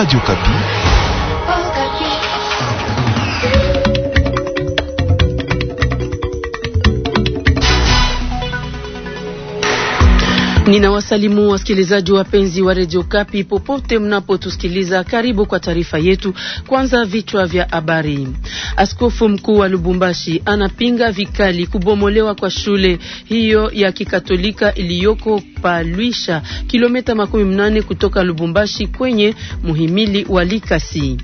Rádio Capim Ninawasalimu wasikilizaji wapenzi wa redio Kapi popote mnapotusikiliza, karibu kwa taarifa yetu. Kwanza, vichwa vya habari. Askofu mkuu wa Lubumbashi anapinga vikali kubomolewa kwa shule hiyo ya kikatolika iliyoko Palwisha, kilomita makumi mnane kutoka Lubumbashi kwenye muhimili wa Likasi.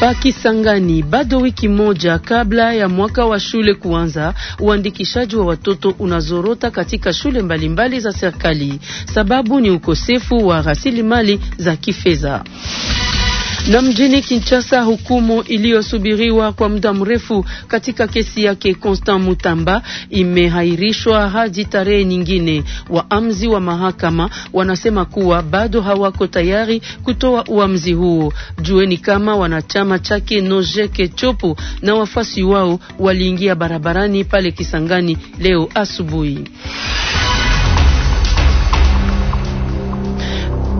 Pakisangani bado wiki moja kabla ya mwaka wa shule kuanza, uandikishaji wa watoto unazorota katika shule mbalimbali mbali za serikali. Sababu ni ukosefu wa rasilimali za kifedha. Na mjini Kinshasa, hukumu iliyosubiriwa kwa muda mrefu katika kesi yake Constant Mutamba imehairishwa hadi tarehe nyingine. Waamzi wa mahakama wanasema kuwa bado hawako tayari kutoa uamzi huo. Jueni kama wanachama chake Nojeke Chopo na wafasi wao waliingia barabarani pale Kisangani leo asubuhi.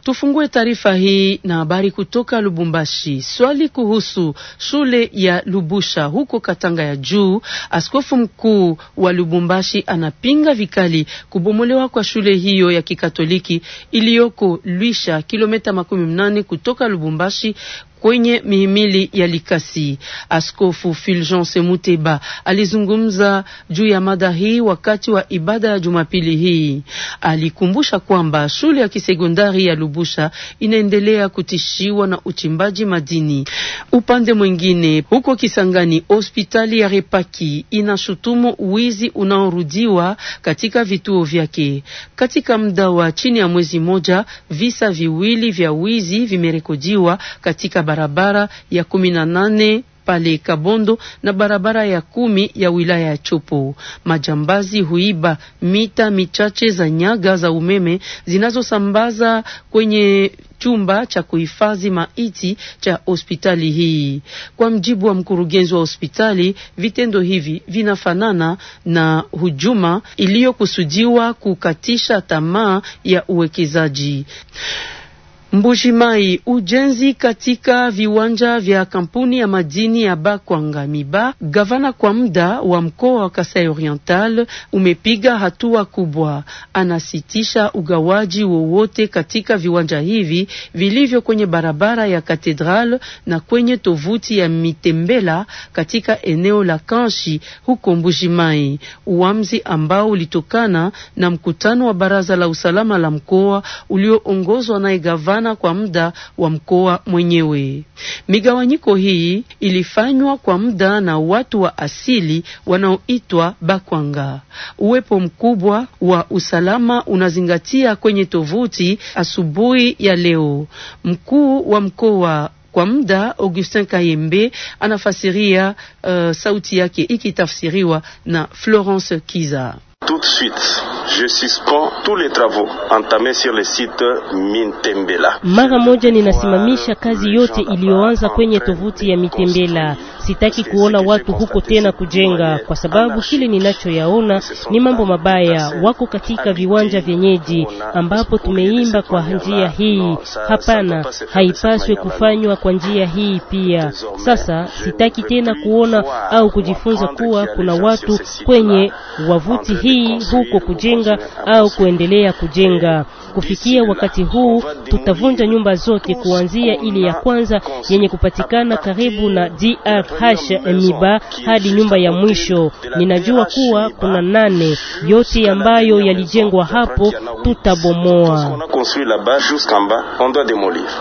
Tufungue taarifa hii na habari kutoka Lubumbashi. Swali kuhusu shule ya Lubusha huko Katanga ya juu. Askofu mkuu wa Lubumbashi anapinga vikali kubomolewa kwa shule hiyo ya Kikatoliki iliyoko Lwisha, kilomita makumi mnane kutoka Lubumbashi, kwenye mihimili ya Likasi. Askofu Fulgence Muteba alizungumza juu ya mada hii wakati wa ibada ya Jumapili hii. Alikumbusha kwamba shule ya kisekondari ya Lubusha inaendelea kutishiwa na uchimbaji madini. Upande mwingine, huko Kisangani, hospitali ya Repaki inashutumu wizi unaorudiwa katika vituo vyake. Katika muda wa chini ya mwezi mmoja, visa viwili vya wizi vimerekodiwa katika barabara ya kumi na nane pale Kabondo na barabara ya kumi ya wilaya ya Chopo. Majambazi huiba mita michache za nyaga za umeme zinazosambaza kwenye chumba cha kuhifadhi maiti cha hospitali hii. Kwa mjibu wa mkurugenzi wa hospitali, vitendo hivi vinafanana na hujuma iliyokusudiwa kukatisha tamaa ya uwekezaji. Mbujimai, ujenzi katika viwanja vya kampuni ya madini ya Bakwanga Miba, gavana kwa muda wa mkoa wa Kasai Oriental, umepiga hatua kubwa. Anasitisha ugawaji wowote katika viwanja hivi vilivyo kwenye barabara ya Katedral na kwenye tovuti ya Mitembela katika eneo la Kanshi huko Mbujimai, uwamzi ambao ulitokana na mkutano wa baraza la usalama la mkoa ulioongozwa naye gavana kupatikana kwa muda wa mkoa mwenyewe. Migawanyiko hii ilifanywa kwa muda na watu wa asili wanaoitwa Bakwanga. Uwepo mkubwa wa usalama unazingatia kwenye tovuti asubuhi ya leo. Mkuu wa mkoa kwa muda Augustin Kayembe anafasiria uh, sauti yake ikitafsiriwa na Florence Kiza. Tout de suite je suspends tous les travaux entamés sur le site Mintembela. Mara moja ninasimamisha kazi yote iliyoanza kwenye tovuti ya Mitembela. Sitaki kuona watu huko tena kujenga, kwa sababu kile ninachoyaona ni mambo mabaya. Wako katika viwanja vyenyeji ambapo tumeimba kwa njia hii. Hapana, haipaswi kufanywa kwa njia hii pia. Sasa sitaki tena kuona au kujifunza kuwa kuna watu kwenye wavuti hii huko kujenga kujenga au kuendelea kujenga. Kufikia wakati huu tutavunja nyumba zote kuanzia ile ya kwanza yenye kupatikana karibu na DRH Miba hadi nyumba ya mwisho. Ninajua kuwa kuna nane, yote ambayo yalijengwa hapo tutabomoa.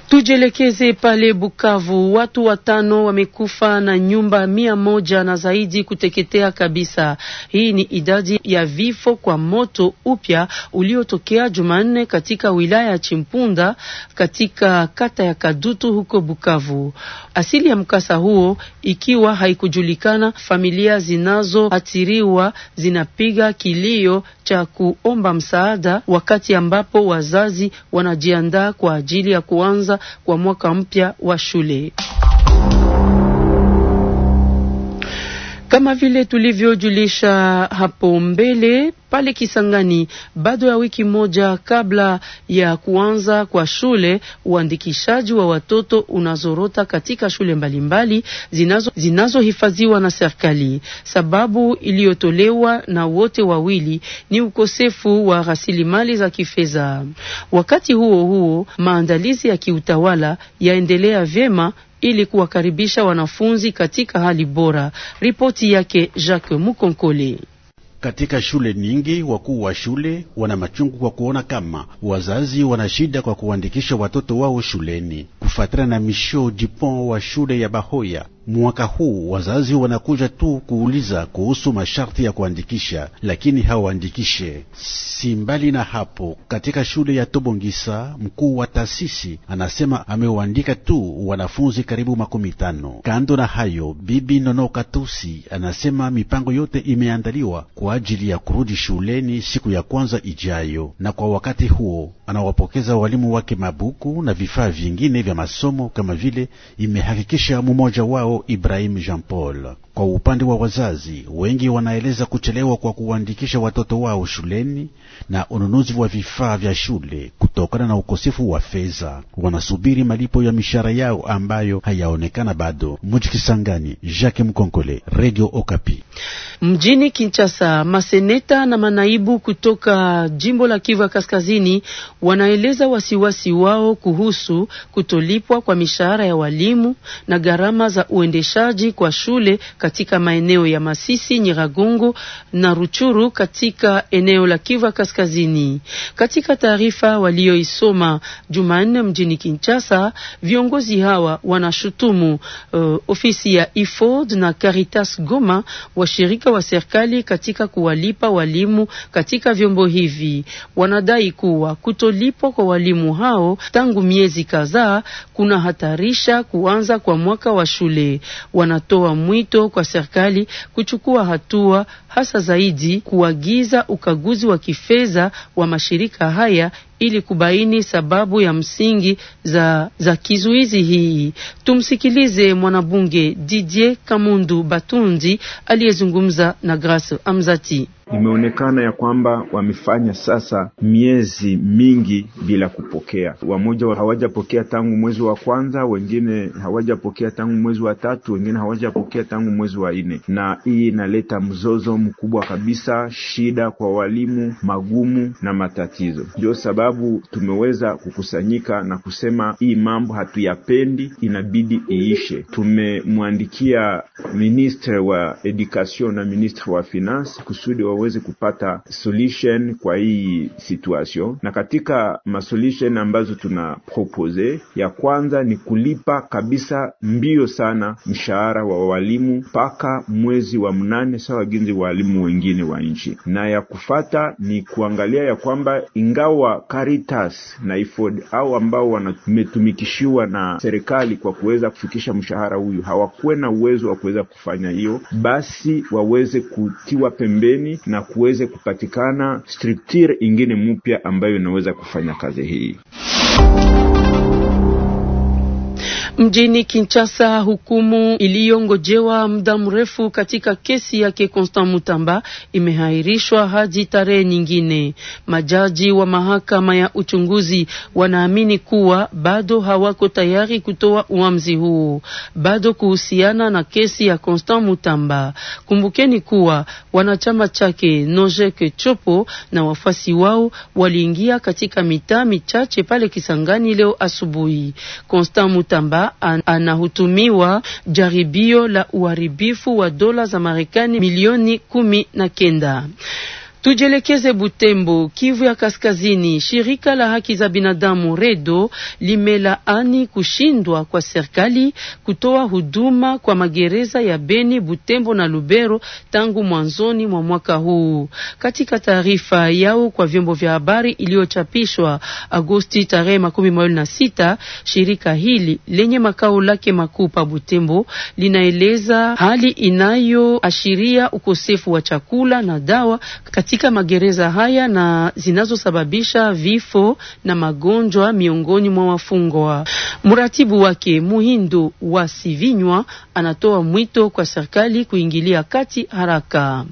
Tujielekeze pale Bukavu, watu watano wamekufa na nyumba mia moja na zaidi kuteketea kabisa. Hii ni idadi ya vifo kwa moto upya uliotokea Jumanne katika katika wilaya ya Chimpunda katika kata ya Kadutu huko Bukavu. Asili ya mkasa huo ikiwa haikujulikana, familia zinazoathiriwa zinapiga kilio cha kuomba msaada wakati ambapo wazazi wanajiandaa kwa ajili ya kuanza kwa mwaka mpya wa shule. Kama vile tulivyojulisha hapo mbele pale Kisangani, bado ya wiki moja kabla ya kuanza kwa shule, uandikishaji wa watoto unazorota katika shule mbalimbali zinazohifadhiwa zinazo na serikali. Sababu iliyotolewa na wote wawili ni ukosefu wa rasilimali za kifedha. Wakati huo huo, maandalizi ya kiutawala yaendelea vyema ili kuwakaribisha wanafunzi katika hali bora. Ripoti yake Jacques Mukonkole. Katika shule nyingi wakuu wa shule wana machungu kwa kuona kama wazazi wana shida kwa kuandikisha watoto wao shuleni. Kufuatana na Misho Jipon wa shule ya Bahoya, Mwaka huu wazazi wanakuja tu kuuliza kuhusu masharti ya kuandikisha, lakini hawaandikishe. Si mbali na hapo, katika shule ya Tobongisa, mkuu wa taasisi anasema amewaandika tu wanafunzi karibu makumi tano. Kando na hayo, bibi Nono Katusi anasema mipango yote imeandaliwa kwa ajili ya kurudi shuleni siku ya kwanza ijayo, na kwa wakati huo anawapokeza walimu wake mabuku na vifaa vingine vya masomo kama vile imehakikisha mmoja wao Ibrahim Jean-Paul. Kwa upande wa wazazi, wengi wanaeleza kuchelewa kwa kuandikisha watoto wao shuleni na ununuzi wa vifaa vya shule kutokana na ukosefu wa fedha. Wanasubiri malipo ya mishahara yao ambayo hayaonekana bado. Mji Kisangani, Jacques Mkonkole, Radio Okapi. Mjini Kinshasa, maseneta na manaibu kutoka jimbo la Kivu ya Kaskazini wanaeleza wasiwasi wao kuhusu kutolipwa kwa mishahara ya walimu na gharama za uendeshaji kwa shule katika maeneo ya Masisi, Nyiragongo na Ruchuru katika eneo la Kivu Kaskazini. Katika taarifa walioisoma Jumanne mjini Kinshasa, viongozi hawa wanashutumu uh, ofisi ya IFOD na Caritas Goma, washirika wa serikali katika kuwalipa walimu katika vyombo hivi. Wanadai kuwa kutolipwa kwa walimu hao tangu miezi kadhaa kunahatarisha kuanza kwa mwaka wa shule. Wanatoa mwito kwa serikali kuchukua hatua hasa zaidi kuagiza ukaguzi wa kifedha wa mashirika haya ili kubaini sababu ya msingi za, za kizuizi hii. Tumsikilize mwanabunge Didier Kamundu batundi aliyezungumza na Grace Amzati. Imeonekana ya kwamba wamefanya sasa miezi mingi bila kupokea. Wamoja hawajapokea tangu mwezi wa kwanza, wengine hawajapokea tangu mwezi wa tatu, wengine hawajapokea tangu mwezi wa nne, na hii inaleta mzozo mkubwa kabisa, shida kwa walimu, magumu na matatizo. Ndio sababu tumeweza kukusanyika na kusema hii mambo hatuyapendi, inabidi iishe. Tumemwandikia ministre wa education na ministre wa finance kusudi wa waweze kupata solution kwa hii situation, na katika masolution ambazo tuna propose, ya kwanza ni kulipa kabisa mbio sana mshahara wa walimu mpaka mwezi wa mnane sawa ginzi walimu wengine wa nchi, na ya kufata ni kuangalia ya kwamba ingawa Caritas na Ifod au ambao wametumikishiwa na serikali kwa kuweza kufikisha mshahara huyu hawakuwe na uwezo wa kuweza kufanya hiyo, basi waweze kutiwa pembeni na kuweze kupatikana structure ingine mpya ambayo inaweza kufanya kazi hii. Mjini Kinshasa, hukumu iliyongojewa muda mrefu katika kesi yake Constant Mutamba imehairishwa hadi tarehe nyingine. Majaji wa mahakama ya uchunguzi wanaamini kuwa bado hawako tayari kutoa uamuzi huu bado kuhusiana na kesi ya Constant Mutamba. Kumbukeni kuwa wanachama chake Nojeke Chopo na wafuasi wao waliingia katika mitaa michache pale Kisangani leo asubuhi. Constant Mutamba an, anahutumiwa jaribio la uharibifu wa dola za Marekani milioni kumi na kenda. Tujielekeze Butembo, Kivu ya Kaskazini. Shirika la haki za binadamu REDO limelaani kushindwa kwa serikali kutoa huduma kwa magereza ya Beni, Butembo na Lubero tangu mwanzoni mwa mwaka huu. Katika taarifa yao kwa vyombo vya habari iliyochapishwa Agosti tarehe makumi mawili na sita, shirika hili lenye makao lake makuu pa Butembo linaeleza hali inayoashiria ukosefu wa chakula na dawa katika katika magereza haya na zinazosababisha vifo na magonjwa miongoni mwa wafungwa. Mratibu wake Muhindu wa Sivinywa anatoa mwito kwa serikali kuingilia kati haraka.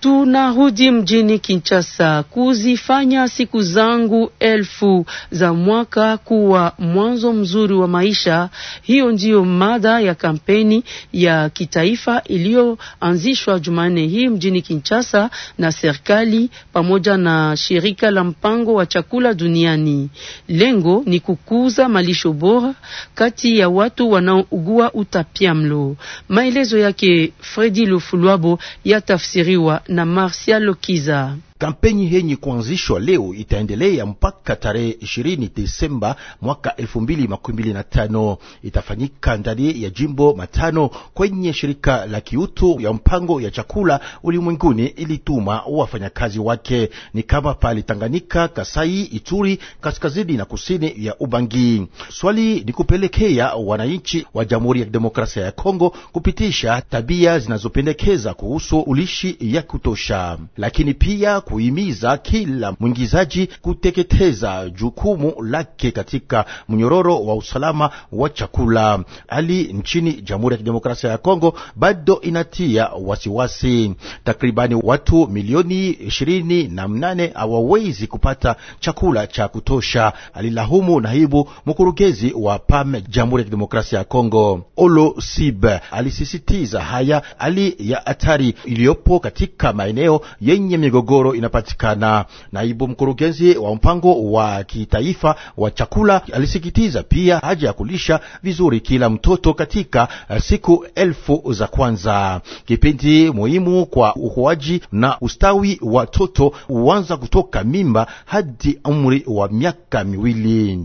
Tunarudi mjini Kinshasa kuzifanya siku zangu elfu za mwaka kuwa mwanzo mzuri wa maisha. Hiyo ndiyo mada ya kampeni ya kitaifa iliyoanzishwa Jumanne hii mjini Kinshasa na serikali pamoja na shirika la mpango wa chakula duniani. Lengo ni kukuza malisho bora kati ya watu wanaougua utapiamlo. Maelezo yake Fredi Lufulwabo yatafsiriwa na Martial Lokiza. Kampeni yenye kuanzishwa leo itaendelea mpaka tarehe 20 Desemba mwaka 2025. Itafanyika ndani ya jimbo matano kwenye shirika la kiutu ya mpango ya chakula ulimwenguni ilituma wafanyakazi wake ni kama pale Tanganyika, Kasai, Ituri, kaskazini na kusini ya Ubangi. Swali ni kupelekea wananchi wa Jamhuri ya Demokrasia ya Kongo kupitisha tabia zinazopendekeza kuhusu ulishi ya kutosha, lakini pia kuhimiza kila mwingizaji kuteketeza jukumu lake katika mnyororo wa usalama wa chakula. Hali nchini Jamhuri ya Kidemokrasia ya Kongo bado inatia wasiwasi. Takribani watu milioni ishirini na mnane hawawezi kupata chakula cha kutosha, alilahumu naibu mkurugenzi wa PAM e, Jamhuri ya Kidemokrasia ya Kongo. Olo Sib alisisitiza haya hali ya hatari iliyopo katika maeneo yenye migogoro inapatikana. Naibu mkurugenzi wa mpango wa kitaifa wa chakula alisikitiza pia haja ya kulisha vizuri kila mtoto katika eh, siku elfu za kwanza. Kipindi muhimu kwa ukuaji na ustawi wa toto huanza kutoka mimba hadi umri wa miaka miwili.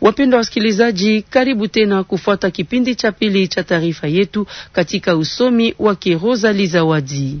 Wapendwa wasikilizaji, karibu tena kufuata kipindi cha pili cha taarifa yetu katika usomi wa Kiroza Zawadi.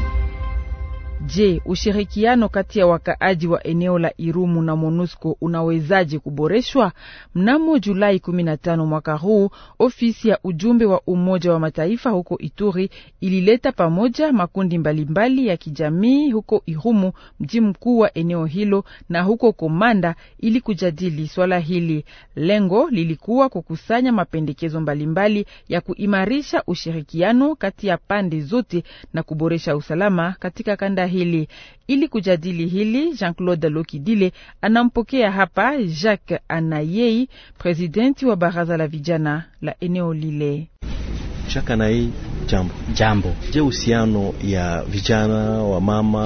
Je, ushirikiano kati ya wakaaji wa eneo la Irumu na MONUSCO unawezaje kuboreshwa? Mnamo Julai 15 mwaka huu, ofisi ya ujumbe wa Umoja wa Mataifa huko Ituri ilileta pamoja makundi mbalimbali mbali ya kijamii huko Irumu, mji mkuu wa eneo hilo, na huko Komanda ili kujadili swala hili. Lengo lilikuwa kukusanya mapendekezo mbalimbali ya kuimarisha ushirikiano kati ya pande zote na kuboresha usalama katika kanda hii hili. Ili kujadili hili, Jean-Claude Lokidile anampokea hapa Jacques Anayei, presidenti wa baraza la vijana la eneo lile. Jacques Anayei, jambo. Jambo. Je, uhusiano ya vijana wa mama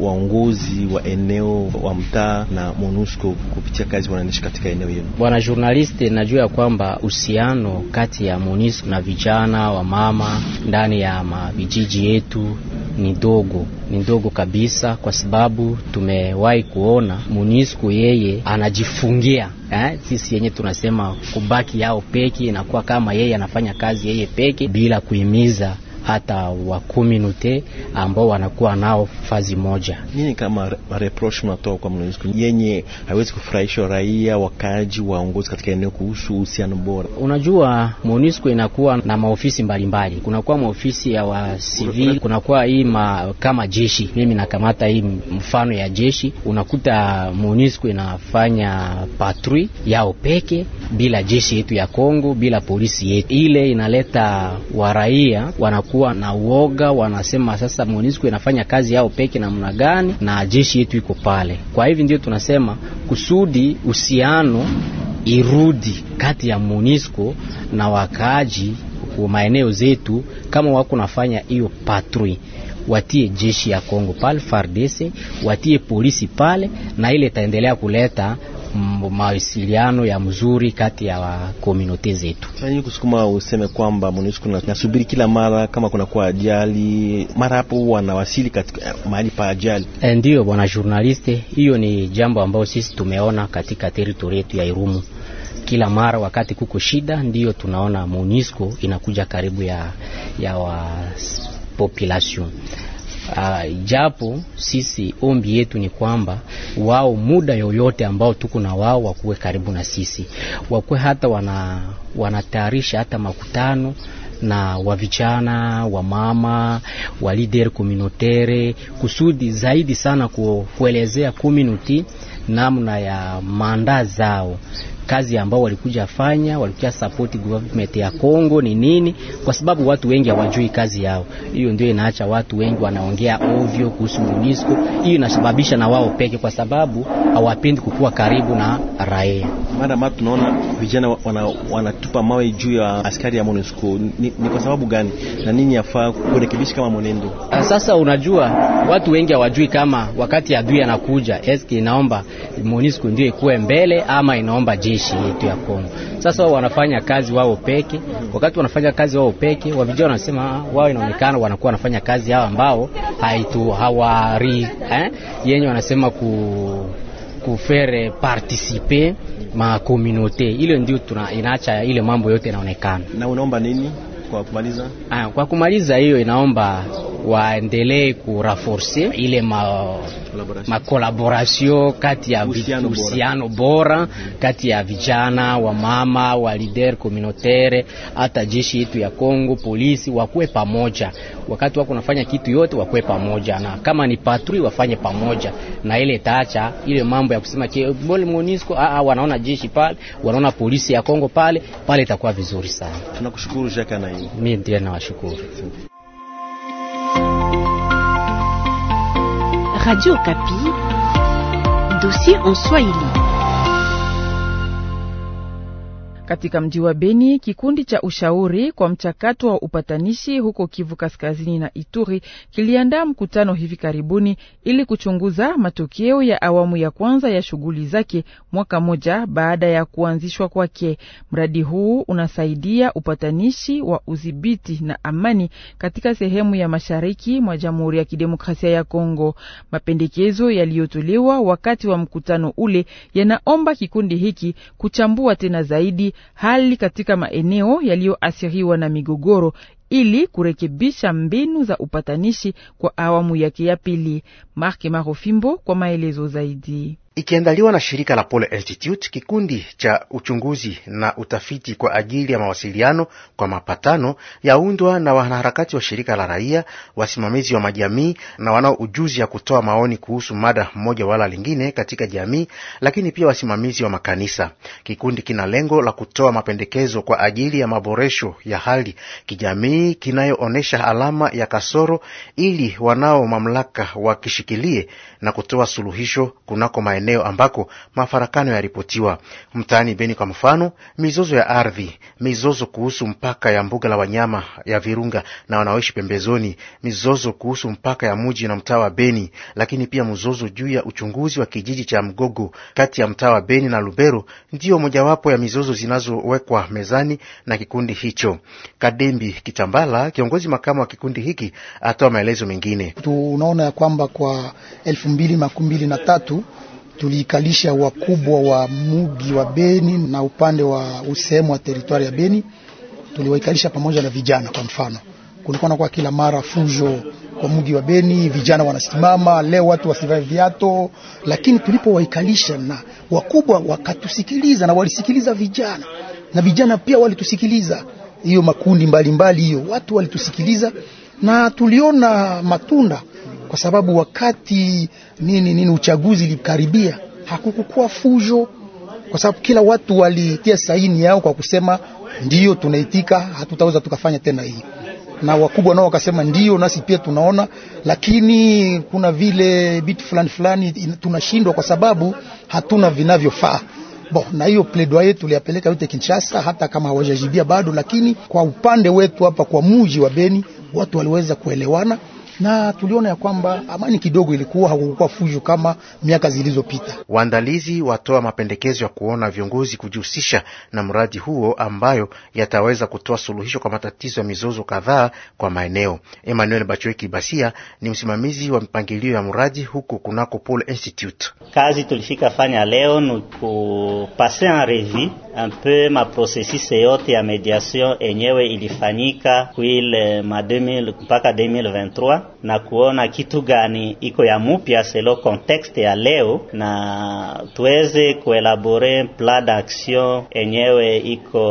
waongozi wa eneo wa mtaa na MONUSCO kupitia kazi wananishi katika eneo hilo? Bwana journaliste, najua ya kwamba uhusiano kati ya MONUSCO na vijana wa mama ndani ya mavijiji yetu ni ndogo, ni ndogo kabisa, kwa sababu tumewahi kuona munisku yeye anajifungia eh. Sisi yenye tunasema kubaki yao peki, inakuwa kama yeye anafanya kazi yeye peki bila kuhimiza hata wa community ambao wanakuwa nao fazi moja. Nini kama reproach mnatoa kwa MONUSCO yenye haiwezi kufurahisha raia, wakaaji, waongozi katika eneo kuhusu uhusiano bora? Unajua, MONUSCO inakuwa na maofisi mbalimbali, kunakuwa maofisi ya wa civil, kunakuwa hii ma, kama jeshi. Mimi nakamata hii mfano ya jeshi, unakuta MONUSCO inafanya patrui yao peke bila jeshi yetu ya Kongo, bila polisi yetu. Ile inaleta waraia wanakuwa na uoga, wanasema sasa MONUSCO inafanya kazi yao peke namna gani na jeshi yetu iko pale. Kwa hivi ndio tunasema kusudi uhusiano irudi kati ya MONUSCO na wakaaji kwa maeneo zetu, kama wako nafanya hiyo patrui watie jeshi ya Kongo pale, FARDC watie polisi pale, na ile itaendelea kuleta mawasiliano ya mzuri kati ya komunote zetu. Sasa kusukuma useme kwamba MONUSCO nasubiri kila mara kama kwa ajali, mara hapo wanawasili katika eh, mahali pa ajali. Eh, ndio bwana journaliste, hiyo ni jambo ambayo sisi tumeona katika teritori yetu ya Irumu kila mara wakati kuko shida ndiyo tunaona MONUSCO inakuja karibu ya, ya wa population Uh, ah, japo sisi ombi yetu ni kwamba wao muda yoyote ambao tuko na wao wakuwe karibu na sisi, wakuwe hata wana wanatayarisha hata makutano na wavichana wamama wa mama wa communautaire kusudi zaidi sana kuelezea community namna ya manda zao kazi ambao walikuja fanya, walikuja support government ya Kongo ni nini, kwa sababu watu wengi hawajui kazi yao. Hiyo ndio inaacha watu wengi wanaongea ovyo kuhusu MONUSCO. Hiyo inasababisha na wao peke, kwa sababu hawapendi kukuwa karibu na raia. Mara mara tunaona vijana wanatupa wana mawe juu ya askari ya MONUSCO ni, ni kwa sababu gani na nini yafaa kurekebisha kama mwenendo? Ah, sasa unajua watu wengi hawajui kama wakati adui anakuja, eski inaomba MONUSCO ndio ikuwe mbele ama inaomba jini jeshi yetu ya Kongo. Sasa wao wanafanya kazi wao peke, wakati wanafanya kazi wao peke, wavijana wanasema ah, wao, inaonekana wanakuwa wanafanya kazi hao ambao haitu hawari eh, yenye wanasema ku kufere participe ma communauté. Ile ndio tuna inaacha ile mambo yote inaonekana. Na unaomba nini kwa kumaliza? Ah, kwa kumaliza hiyo inaomba waendelee kureinforce ile makolaboration ma kati ya uhusiano bora kati ya vijana wa mama wa leader communautaire, hata jeshi yetu ya Kongo, polisi wakuwe pamoja, wakati wako nafanya kitu yote wakuwe pamoja, na kama ni patrui wafanye pamoja, na ile tacha ile mambo ya kusema ke bole Monisco. a, ah, a, ah, wanaona jeshi pale, wanaona polisi ya Kongo pale pale, itakuwa vizuri sana. Tunakushukuru Jacques, na mimi ndiye nawashukuru. Radio Capi, dossier en soi Swahili. Katika mji wa Beni, kikundi cha ushauri kwa mchakato wa upatanishi huko Kivu Kaskazini na Ituri kiliandaa mkutano hivi karibuni ili kuchunguza matokeo ya awamu ya kwanza ya shughuli zake mwaka moja baada ya kuanzishwa kwake. Mradi huu unasaidia upatanishi wa udhibiti na amani katika sehemu ya mashariki mwa Jamhuri ya Kidemokrasia ya Kongo. Mapendekezo yaliyotolewa wakati wa mkutano ule yanaomba kikundi hiki kuchambua tena zaidi hali katika maeneo yaliyoathiriwa na migogoro ili kurekebisha mbinu za upatanishi kwa awamu yake ya pili. Marke Marofimbo kwa maelezo zaidi ikiandaliwa na shirika la Polo Institute, kikundi cha uchunguzi na utafiti kwa ajili ya mawasiliano kwa mapatano, yaundwa na wanaharakati wa shirika la raia, wasimamizi wa majamii na wanao ujuzi ya kutoa maoni kuhusu mada mmoja wala lingine katika jamii, lakini pia wasimamizi wa makanisa. Kikundi kina lengo la kutoa mapendekezo kwa ajili ya maboresho ya hali kijamii kinayoonyesha alama ya kasoro, ili wanao mamlaka wakishikilie na kutoa suluhisho kunako maeneo maeneo ambako mafarakano yaripotiwa mtaani Beni. Kwa mfano, mizozo ya ardhi, mizozo kuhusu mpaka ya mbuga la wanyama ya Virunga na wanaoishi pembezoni, mizozo kuhusu mpaka ya muji na mtaa wa Beni, lakini pia mzozo juu ya uchunguzi wa kijiji cha Mgogo kati ya mtaa wa Beni na Lubero ndiyo mojawapo ya mizozo zinazowekwa mezani na kikundi hicho. Kadembi Kitambala, kiongozi makamu wa kikundi hiki, atoa maelezo mengine. Tunaona ya kwamba kwa elfu mbili makumi mbili na tatu tuliikalisha wakubwa wa mugi wa Beni na upande wa usehemu wa teritwari ya Beni, tuliwaikalisha pamoja na vijana. Kwa mfano, kulikuwa na kwa kila mara fujo kwa mugi wa Beni, vijana wanasimama leo, watu wasivae viato, lakini tulipowaikalisha na wakubwa wakatusikiliza, na walisikiliza vijana na vijana pia walitusikiliza, hiyo makundi mbalimbali, hiyo mbali, watu walitusikiliza na tuliona matunda kwa sababu wakati nini nini uchaguzi ilikaribia, hakukukua fujo, kwa sababu kila watu walitia saini yao kwa kusema ndio tunaitika, hatutaweza tukafanya tena hii na wakubwa nao wakasema ndio, nasi pia tunaona, lakini kuna vile vitu fulani fulani tunashindwa kwa sababu hatuna vinavyofaa. Bo, na hiyo pledoyer tuliyapeleka yote Kinshasa, hata kama hawajajibia bado, lakini kwa upande wetu hapa kwa muji wa Beni watu waliweza kuelewana na tuliona ya kwamba amani kidogo ilikuwa, hakukuwa fujo kama miaka zilizopita. Waandalizi watoa mapendekezo ya kuona viongozi kujihusisha na mradi huo ambayo yataweza kutoa suluhisho kwa matatizo ya mizozo kadhaa kwa maeneo. Emmanuel Bachweki Basia ni msimamizi wa mipangilio ya mradi huko kunako Paul Institute. Kazi tulifika fanya leo ni kupase en revue un peu ma processus yote ya mediation enyewe ilifanyika kuile ma 2000 mpaka 2023 na kuona kitu gani iko ya mupya selo kontekste ya leo, na tuweze kuelabore plan d'action enyewe iko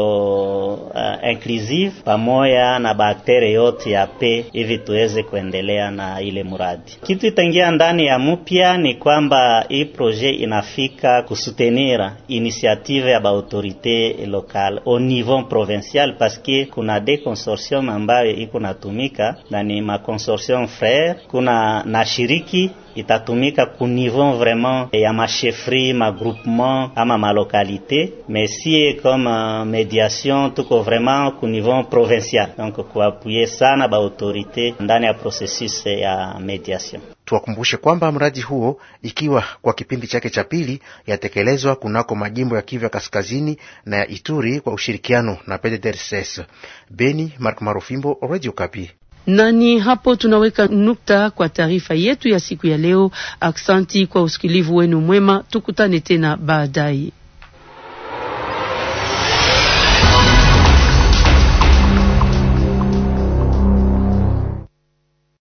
uh, inclusive pamoja na baktere yote ya pe, hivi tuweze kuendelea na ile muradi. Kitu itaingia ndani ya mupya ni kwamba hii proje inafika kusutenira initiative ya baautorite lokale au niveau provincial, paske kuna de consortium ambayo iko natumika na ni consortium grand frère kuna shiriki itatumika ku niveau vraiment eh, ya machefri groupement ama malokalite mais sie comme uh, mediation tuko vraiment ku niveau provincial donc kuapuye sana autorité ndani ya processus eh, ya médiation Tuwakumbushe kwamba mradi huo ikiwa kwa kipindi chake cha pili yatekelezwa kunako majimbo ya Kivu ya Kaskazini na ya Ituri kwa ushirikiano na PDDRCS. Beni, Mark Marufimbo, Radio Kapi. Na ni hapo tunaweka nukta kwa taarifa yetu ya siku ya leo. Aksanti kwa usikilivu wenu mwema, tukutane tena baadaye.